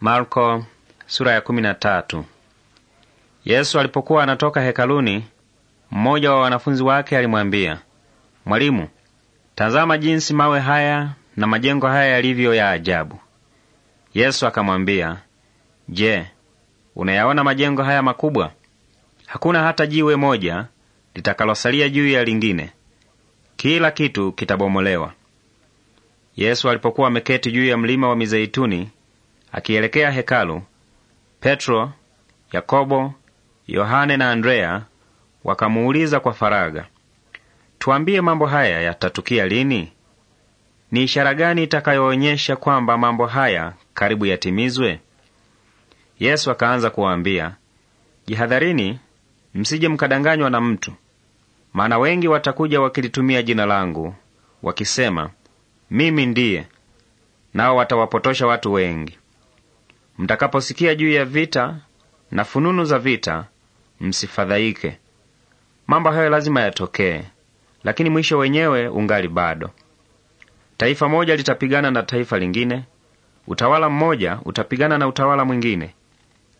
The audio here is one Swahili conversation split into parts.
Marko sura ya kumi na tatu. Yesu alipokuwa anatoka hekaluni, mmoja wa wanafunzi wake alimwambia, Mwalimu, tazama jinsi mawe haya na majengo haya yalivyo ya ajabu. Yesu akamwambia, Je, unayaona majengo haya makubwa? Hakuna hata jiwe moja litakalosalia juu ya lingine. Kila kitu kitabomolewa. Yesu alipokuwa ameketi juu ya mlima wa Mizeituni, Akielekea hekalu, Petro, Yakobo, Yohane na Andrea wakamuuliza kwa faraga tuambie, mambo haya yatatukia lini? Ni ishara gani itakayoonyesha kwamba mambo haya karibu yatimizwe? Yesu akaanza kuwaambia, jihadharini, msije mkadanganywa na mtu, maana wengi watakuja wakilitumia jina langu wakisema, mimi ndiye, nao watawapotosha watu wengi. Mtakaposikia juu ya vita na fununu za vita, msifadhaike. Mambo hayo lazima yatokee, lakini mwisho wenyewe ungali bado. Taifa moja litapigana na taifa lingine, utawala mmoja utapigana na utawala mwingine.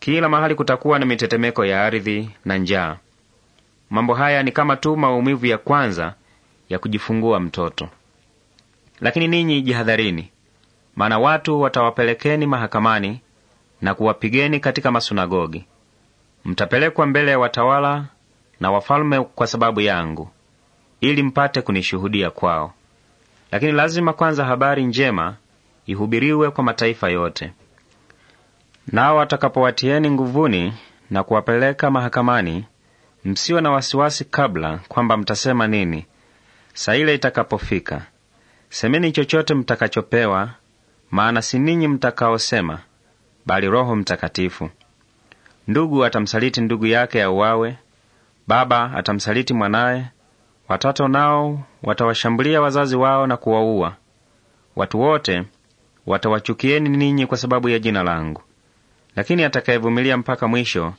Kila mahali kutakuwa na mitetemeko ya ardhi na njaa. Mambo haya ni kama tu maumivu ya kwanza ya kujifungua mtoto. Lakini ninyi jihadharini, maana watu watawapelekeni mahakamani na kuwapigeni katika masunagogi. Mtapelekwa mbele ya watawala na wafalme kwa sababu yangu, ili mpate kunishuhudia kwao. Lakini lazima kwanza habari njema ihubiriwe kwa mataifa yote. Nao watakapowatieni nguvuni na kuwapeleka mahakamani, msiwe na wasiwasi kabla kwamba mtasema nini. Saa ile itakapofika, semeni chochote mtakachopewa, maana si ninyi mtakaosema, bali Roho Mtakatifu. Ndugu atamsaliti ndugu yake auawe, ya baba atamsaliti mwanaye, watoto nao watawashambulia wazazi wao na kuwaua. Watu wote watawachukieni ninyi kwa sababu ya jina langu, lakini atakayevumilia mpaka mwisho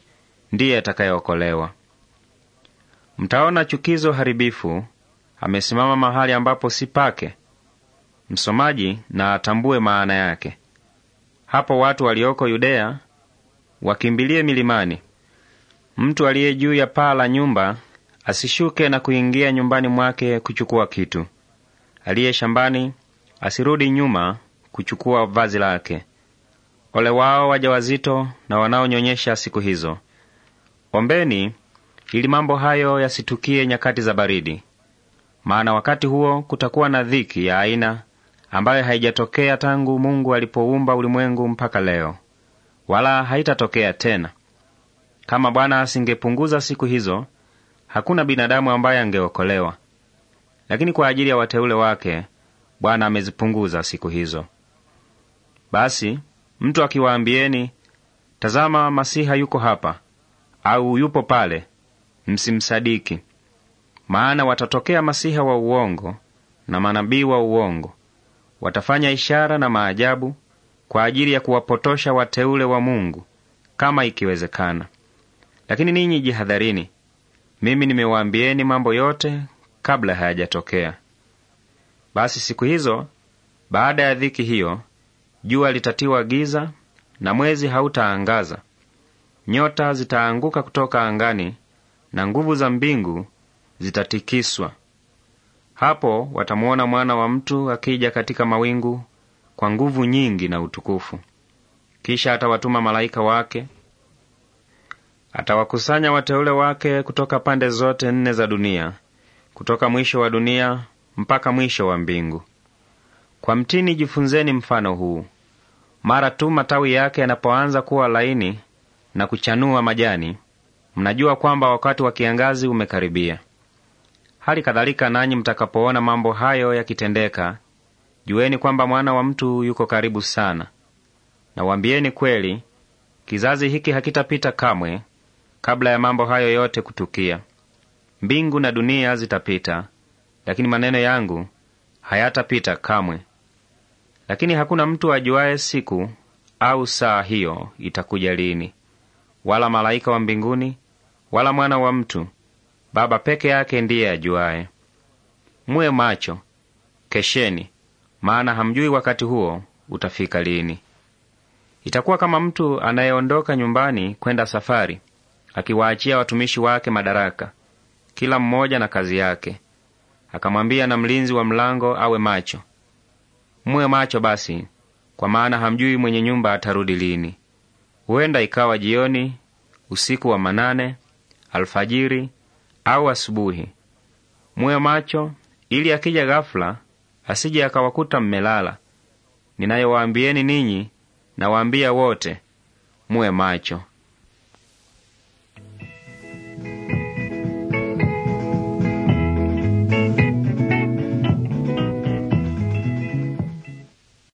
ndiye atakayeokolewa. Mtaona chukizo haribifu amesimama mahali ambapo si pake. Msomaji na atambue maana yake. Hapo watu walioko Yudea wakimbilie milimani. Mtu aliye juu ya paa la nyumba asishuke na kuingia nyumbani mwake kuchukua kitu. Aliye shambani asirudi nyuma kuchukua vazi lake. Ole wao wajawazito na wanaonyonyesha siku hizo! Ombeni ili mambo hayo yasitukie nyakati za baridi, maana wakati huo kutakuwa na dhiki ya aina ambayo haijatokea tangu Mungu alipoumba ulimwengu mpaka leo, wala haitatokea tena. Kama Bwana asingepunguza siku hizo, hakuna binadamu ambaye angeokolewa. Lakini kwa ajili ya wateule wake Bwana amezipunguza siku hizo. Basi mtu akiwaambieni, tazama, Masiha yuko hapa au yupo pale, msimsadiki. Maana watatokea masiha wa uongo na manabii wa uongo watafanya ishara na maajabu kwa ajili ya kuwapotosha wateule wa Mungu kama ikiwezekana. Lakini ninyi jihadharini, mimi nimewaambieni mambo yote kabla hayajatokea. Basi siku hizo, baada ya dhiki hiyo, jua litatiwa giza na mwezi hautaangaza, nyota zitaanguka kutoka angani na nguvu za mbingu zitatikiswa. Hapo watamwona mwana wa mtu akija katika mawingu kwa nguvu nyingi na utukufu. Kisha atawatuma malaika wake, atawakusanya wateule wake kutoka pande zote nne za dunia, kutoka mwisho wa dunia mpaka mwisho wa mbingu. Kwa mtini jifunzeni mfano huu. Mara tu matawi yake yanapoanza kuwa laini na kuchanua majani, mnajua kwamba wakati wa kiangazi umekaribia. Hali kadhalika nanyi mtakapoona mambo hayo yakitendeka, jueni kwamba mwana wa mtu yuko karibu sana. Nawaambieni kweli, kizazi hiki hakitapita kamwe kabla ya mambo hayo yote kutukia. Mbingu na dunia zitapita, lakini maneno yangu hayatapita kamwe. Lakini hakuna mtu ajuaye siku au saa hiyo itakuja lini, wala malaika wa mbinguni, wala mwana wa mtu Baba peke yake ndiye ajuaye. Muwe macho, kesheni, maana hamjui wakati huo utafika lini. Itakuwa kama mtu anayeondoka nyumbani kwenda safari, akiwaachia watumishi wake madaraka, kila mmoja na kazi yake, akamwambia na mlinzi wa mlango awe macho. Muwe macho basi, kwa maana hamjui mwenye nyumba atarudi lini. Huenda ikawa jioni, usiku wa manane, alfajiri au asubuhi. Muwe macho ili akija ghafula asije akawakuta mmelala. Ninayowaambieni ninyi nawaambia wote, muwe macho.